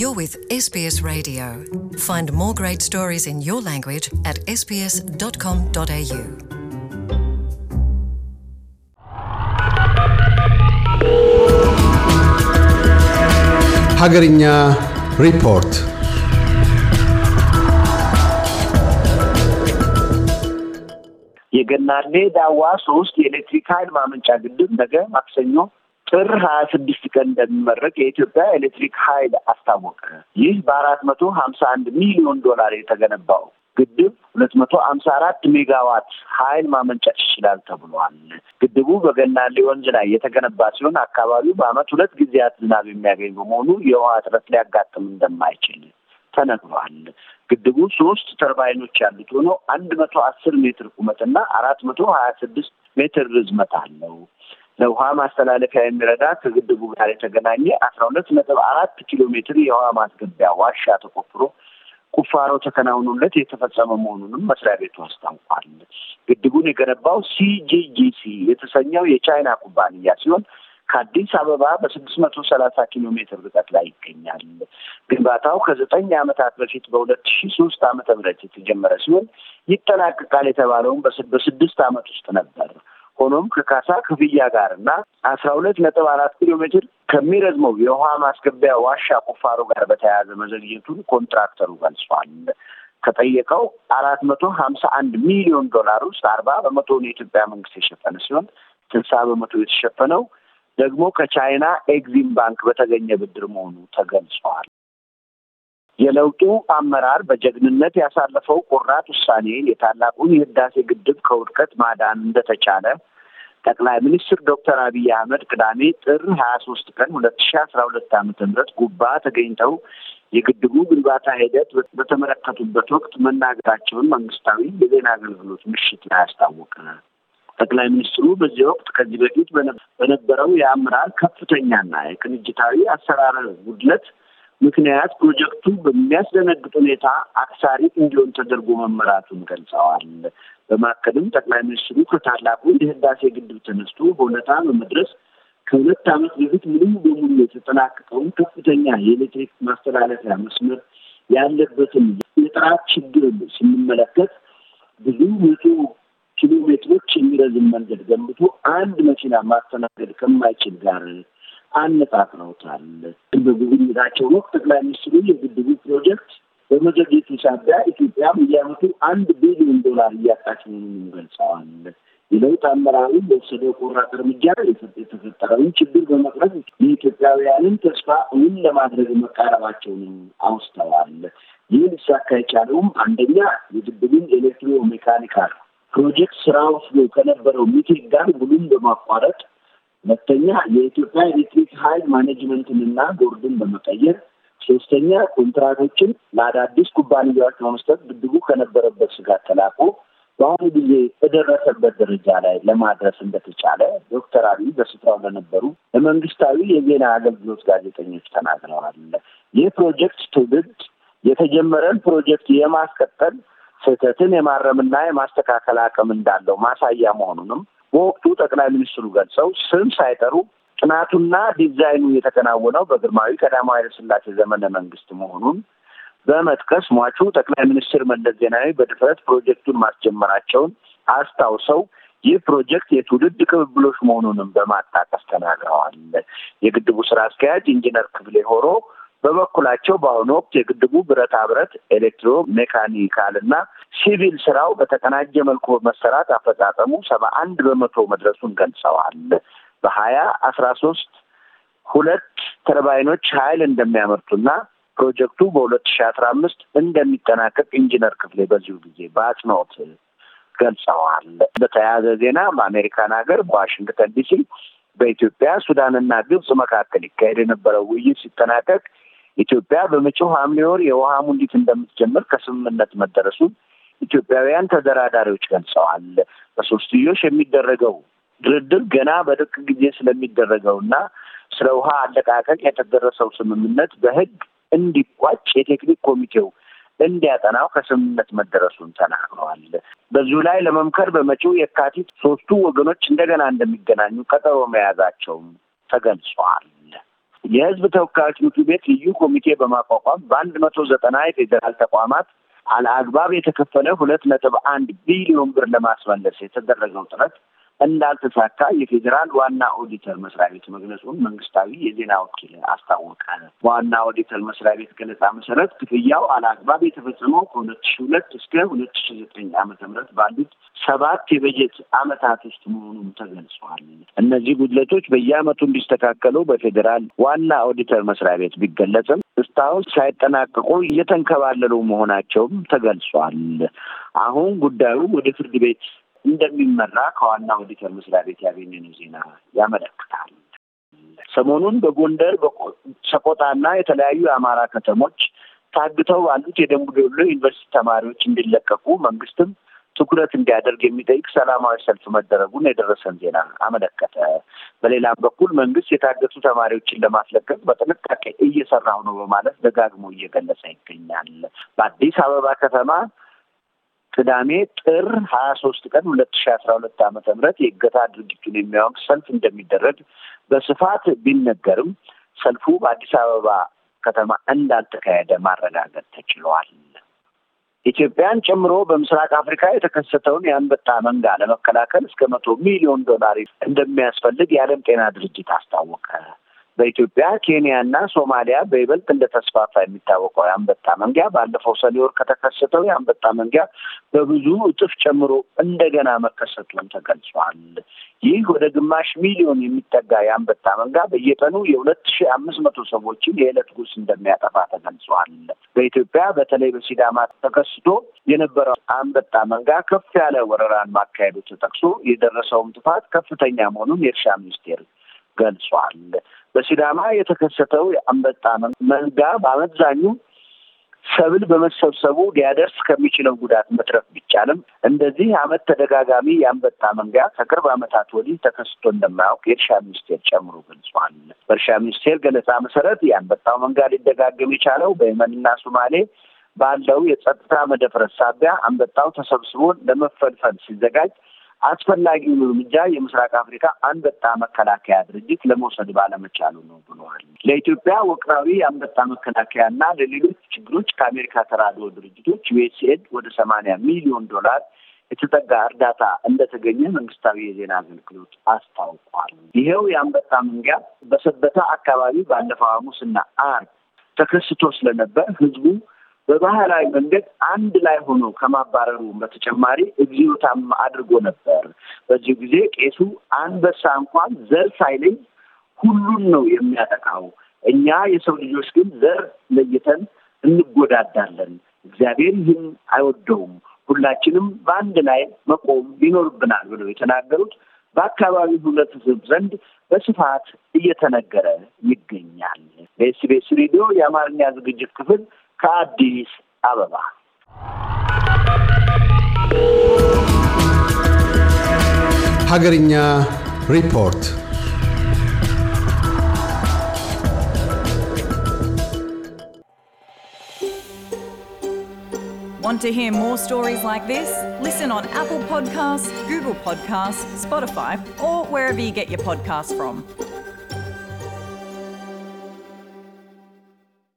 You're with SBS Radio. Find more great stories in your language at sbs.com.au. ሀገርኛ report. የገናሌ ዳዋ ሶስት የኤሌክትሪክ ኃይል ማመንጫ ግድብ ነገ ማክሰኞ ጥር ሀያ ስድስት ቀን እንደሚመረቅ የኢትዮጵያ ኤሌክትሪክ ኃይል አስታወቀ። ይህ በአራት መቶ ሀምሳ አንድ ሚሊዮን ዶላር የተገነባው ግድብ ሁለት መቶ ሀምሳ አራት ሜጋዋት ኃይል ማመንጨት ይችላል ተብሏል። ግድቡ በገናሌ ወንዝ ላይ የተገነባ ሲሆን አካባቢው በአመት ሁለት ጊዜያት ዝናብ የሚያገኝ በመሆኑ የውሃ እጥረት ሊያጋጥም እንደማይችል ተነግሯል። ግድቡ ሶስት ተርባይኖች ያሉት ሆኖ አንድ መቶ አስር ሜትር ቁመትና አራት መቶ ሀያ ስድስት ሜትር ርዝመት አለው። ለውሃ ማስተላለፊያ የሚረዳ ከግድቡ ጋር የተገናኘ አስራ ሁለት ነጥብ አራት ኪሎ ሜትር የውሃ ማስገቢያ ዋሻ ተቆፍሮ ቁፋሮ ተከናውኑለት የተፈጸመ መሆኑንም መስሪያ ቤቱ አስታውቋል። ግድቡን የገነባው ሲጂጂሲ የተሰኘው የቻይና ኩባንያ ሲሆን ከአዲስ አበባ በስድስት መቶ ሰላሳ ኪሎ ሜትር ርቀት ላይ ይገኛል። ግንባታው ከዘጠኝ ዓመታት በፊት በሁለት ሺ ሶስት ዓመተ ምህረት የተጀመረ ሲሆን ይጠናቀቃል የተባለውም በስድስት ዓመት ውስጥ ነበር። ሆኖም ከካሳ ክፍያ ጋር እና አስራ ሁለት ነጥብ አራት ኪሎ ሜትር ከሚረዝመው የውሃ ማስገቢያ ዋሻ ቁፋሮ ጋር በተያያዘ መዘግየቱን ኮንትራክተሩ ገልጿል። ከጠየቀው አራት መቶ ሀምሳ አንድ ሚሊዮን ዶላር ውስጥ አርባ በመቶውን የኢትዮጵያ መንግስት የሸፈነ ሲሆን ስልሳ በመቶ የተሸፈነው ደግሞ ከቻይና ኤግዚም ባንክ በተገኘ ብድር መሆኑ ተገልጸዋል። የለውጡ አመራር በጀግንነት ያሳለፈው ቁራት ውሳኔ የታላቁን የህዳሴ ግድብ ከውድቀት ማዳን እንደተቻለ ጠቅላይ ሚኒስትር ዶክተር አብይ አህመድ ቅዳሜ ጥር ሀያ ሶስት ቀን ሁለት ሺ አስራ ሁለት አመተ ምህረት ጉባ ተገኝተው የግድቡ ግንባታ ሂደት በተመለከቱበት ወቅት መናገራቸውን መንግስታዊ የዜና አገልግሎት ምሽት ላይ አስታወቀ። ጠቅላይ ሚኒስትሩ በዚህ ወቅት ከዚህ በፊት በነበረው የአመራር ከፍተኛና የቅንጅታዊ አሰራር ጉድለት ምክንያት ፕሮጀክቱ በሚያስደነግጥ ሁኔታ አክሳሪ እንዲሆን ተደርጎ መመራቱን ገልጸዋል። በማከልም ጠቅላይ ሚኒስትሩ ከታላቁ የህዳሴ ግድብ ተነስቶ በእውነታ በመድረስ ከሁለት ዓመት በፊት ምንም በሙሉ የተጠናቀቀውን ከፍተኛ የኤሌክትሪክ ማስተላለፊያ መስመር ያለበትን የጥራት ችግር ስንመለከት ብዙ መቶ ኪሎ ሜትሮች የሚረዝም መንገድ ገንብቶ አንድ መኪና ማስተናገድ ከማይችል ጋር አነጣጥረውታል። በጉብኝታቸው ወቅት ጠቅላይ ሚኒስትሩ የግድቡ ፕሮጀክት በመዘግየቱ ሳቢያ ኢትዮጵያ በየዓመቱ አንድ ቢሊዮን ዶላር እያጣች መሆኑን ገልጸዋል። የለውጥ አመራሩ በወሰደው ቆራጥ እርምጃ የተፈጠረውን ችግር በመቅረፍ የኢትዮጵያውያንን ተስፋ እውን ለማድረግ መቃረባቸውን አውስተዋል። ይህ ሊሳካ የቻለውም አንደኛ የግድቡን ኤሌክትሮ ሜካኒካል ፕሮጀክት ስራ ወስዶ ከነበረው ሚቴክ ጋር ውሉን በማቋረጥ ሁለተኛ የኢትዮጵያ ኤሌክትሪክ ኃይል ማኔጅመንትንና ቦርድን በመቀየር ሶስተኛ ኮንትራቶችን ለአዳዲስ ኩባንያዎች በመስጠት ግድቡ ከነበረበት ስጋት ተላቆ በአሁኑ ጊዜ የደረሰበት ደረጃ ላይ ለማድረስ እንደተቻለ ዶክተር አብይ በስፍራው ለነበሩ ለመንግስታዊ የዜና አገልግሎት ጋዜጠኞች ተናግረዋል። ይህ ፕሮጀክት ትውልድ የተጀመረን ፕሮጀክት የማስቀጠል ስህተትን የማረምና የማስተካከል አቅም እንዳለው ማሳያ መሆኑንም በወቅቱ ጠቅላይ ሚኒስትሩ ገልጸው ስም ሳይጠሩ ጥናቱና ዲዛይኑ የተከናወነው በግርማዊ ቀዳማዊ ኃይለ ዘመነ መንግስት መሆኑን በመጥቀስ ሟቹ ጠቅላይ ሚኒስትር መለስ ዜናዊ በድፍረት ፕሮጀክቱን ማስጀመራቸውን አስታውሰው ይህ ፕሮጀክት የትውልድ ቅብብሎች መሆኑንም በማጣቀስ ተናግረዋል። የግድቡ ስራ አስኪያጅ ኢንጂነር ክፍሌ ሆሮ በበኩላቸው በአሁኑ ወቅት የግድቡ ብረታ ብረት፣ ኤሌክትሮ ሜካኒካል እና ሲቪል ስራው በተቀናጀ መልኩ በመሰራት አፈጻጸሙ ሰባ አንድ በመቶ መድረሱን ገልጸዋል። በሀያ አስራ ሶስት ሁለት ተርባይኖች ኃይል እንደሚያመርቱና ፕሮጀክቱ በሁለት ሺ አስራ አምስት እንደሚጠናቀቅ ኢንጂነር ክፍሌ በዚሁ ጊዜ በአጽንኦት ገልጸዋል። በተያያዘ ዜና በአሜሪካን ሀገር በዋሽንግተን ዲሲ በኢትዮጵያ ሱዳንና ግብጽ መካከል ይካሄድ የነበረው ውይይት ሲጠናቀቅ ኢትዮጵያ በመጪው ሐምሌ ወር የውሃ ሙሊት እንደምትጀምር ከስምምነት መደረሱ ኢትዮጵያውያን ተደራዳሪዎች ገልጸዋል። በሶስትዮሽ የሚደረገው ድርድር ገና በድርቅ ጊዜ ስለሚደረገው እና ስለ ውሃ አለቃቀቅ የተደረሰው ስምምነት በሕግ እንዲቋጭ የቴክኒክ ኮሚቴው እንዲያጠናው ከስምምነት መደረሱን ተናግረዋል። በዚሁ ላይ ለመምከር በመጪው የካቲት ሶስቱ ወገኖች እንደገና እንደሚገናኙ ቀጠሮ መያዛቸውም ተገልጿል። የህዝብ ተወካዮች ምክር ቤት ልዩ ኮሚቴ በማቋቋም በአንድ መቶ ዘጠና የፌዴራል ተቋማት አለአግባብ የተከፈለ ሁለት ነጥብ አንድ ቢሊዮን ብር ለማስመለስ የተደረገው ጥረት እንዳልተሳካ የፌዴራል ዋና ኦዲተር መስሪያ ቤት መግለጹን መንግስታዊ የዜና ወኪል አስታወቀ። ዋና ኦዲተር መስሪያ ቤት ገለጻ መሰረት ክፍያው አላግባብ የተፈጸመው ከሁለት ሺ ሁለት እስከ ሁለት ሺ ዘጠኝ ዓመተ ምህረት ባሉት ሰባት የበጀት አመታት ውስጥ መሆኑም ተገልጿል። እነዚህ ጉድለቶች በየአመቱ እንዲስተካከሉ በፌዴራል ዋና ኦዲተር መስሪያ ቤት ቢገለጽም እስካሁን ሳይጠናቀቁ እየተንከባለሉ መሆናቸውም ተገልጿል። አሁን ጉዳዩ ወደ ፍርድ ቤት እንደሚመራ ከዋና ኦዲተር መስሪያ ቤት ያገኘነው ዜና ያመለክታል። ሰሞኑን በጎንደር ሰቆጣና የተለያዩ የአማራ ከተሞች ታግተው ባሉት የደንቡ ዩኒቨርሲቲ ተማሪዎች እንዲለቀቁ መንግስትም ትኩረት እንዲያደርግ የሚጠይቅ ሰላማዊ ሰልፍ መደረጉን የደረሰን ዜና አመለከተ። በሌላም በኩል መንግስት የታገቱ ተማሪዎችን ለማስለቀቅ በጥንቃቄ እየሰራ ነው በማለት ደጋግሞ እየገለጸ ይገኛል። በአዲስ አበባ ከተማ ቅዳሜ ጥር ሀያ ሶስት ቀን ሁለት ሺ አስራ ሁለት አመተ ምህረት የእገታ ድርጊቱን የሚያወግዝ ሰልፍ እንደሚደረግ በስፋት ቢነገርም ሰልፉ በአዲስ አበባ ከተማ እንዳልተካሄደ ማረጋገጥ ተችሏል። ኢትዮጵያን ጨምሮ በምስራቅ አፍሪካ የተከሰተውን የአንበጣ መንጋ ለመከላከል እስከ መቶ ሚሊዮን ዶላር እንደሚያስፈልግ የዓለም ጤና ድርጅት አስታወቀ። በኢትዮጵያ ኬንያና ሶማሊያ በይበልጥ እንደተስፋፋ የሚታወቀው የአንበጣ መንጊያ ባለፈው ሰኔ ወር ከተከሰተው የአንበጣ መንጊያ በብዙ እጥፍ ጨምሮ እንደገና መከሰቱን ተገልጿል። ይህ ወደ ግማሽ ሚሊዮን የሚጠጋ የአንበጣ መንጋ በየቀኑ የሁለት ሺ አምስት መቶ ሰዎችን የዕለት ጉርስ እንደሚያጠፋ ተገልጿል። በኢትዮጵያ በተለይ በሲዳማ ተከስቶ የነበረው አንበጣ መንጋ ከፍ ያለ ወረራን ማካሄዱ ተጠቅሶ የደረሰውም ጥፋት ከፍተኛ መሆኑን የእርሻ ሚኒስቴር ገልጿል። በሲዳማ የተከሰተው የአንበጣ መንጋ በአመዛኙ ሰብል በመሰብሰቡ ሊያደርስ ከሚችለው ጉዳት መትረፍ ቢቻልም እንደዚህ አመት ተደጋጋሚ የአንበጣ መንጋ ከቅርብ ዓመታት ወዲህ ተከስቶ እንደማያውቅ የእርሻ ሚኒስቴር ጨምሮ ገልጿል። በእርሻ ሚኒስቴር ገለጻ መሰረት የአንበጣው መንጋ ሊደጋገም የቻለው በየመንና ሶማሌ ባለው የጸጥታ መደፍረስ ሳቢያ አንበጣው ተሰብስቦ ለመፈልፈል ሲዘጋጅ አስፈላጊውን እርምጃ የምስራቅ አፍሪካ አንበጣ መከላከያ ድርጅት ለመውሰድ ባለመቻሉ ነው ብለዋል። ለኢትዮጵያ ወቅታዊ የአንበጣ መከላከያና ለሌሎች ችግሮች ከአሜሪካ ተራድኦ ድርጅቶች ዩኤስኤድ ወደ ሰማንያ ሚሊዮን ዶላር የተጠጋ እርዳታ እንደተገኘ መንግስታዊ የዜና አገልግሎት አስታውቋል። ይኸው የአንበጣ መንጋ በሰበታ አካባቢ ባለፈው ሐሙስና አርብ ተከስቶ ስለነበር ህዝቡ በባህላዊ መንገድ አንድ ላይ ሆኖ ከማባረሩ በተጨማሪ እግዚኦታም አድርጎ ነበር። በዚህ ጊዜ ቄሱ አንበሳ እንኳን ዘር ሳይለይ ሁሉን ነው የሚያጠቃው። እኛ የሰው ልጆች ግን ዘር ለይተን እንጎዳዳለን። እግዚአብሔር ይህን አይወደውም። ሁላችንም በአንድ ላይ መቆም ይኖርብናል ብለው የተናገሩት በአካባቢው ህዝብ ዘንድ በስፋት እየተነገረ ይገኛል። በኤስቤስ ሬዲዮ የአማርኛ ዝግጅት ክፍል ከአዲስ አበባ ሀገርኛ ሪፖርት Want to hear more stories like this? Listen on Apple Podcasts, Google Podcasts, Spotify, or wherever you get your podcasts from.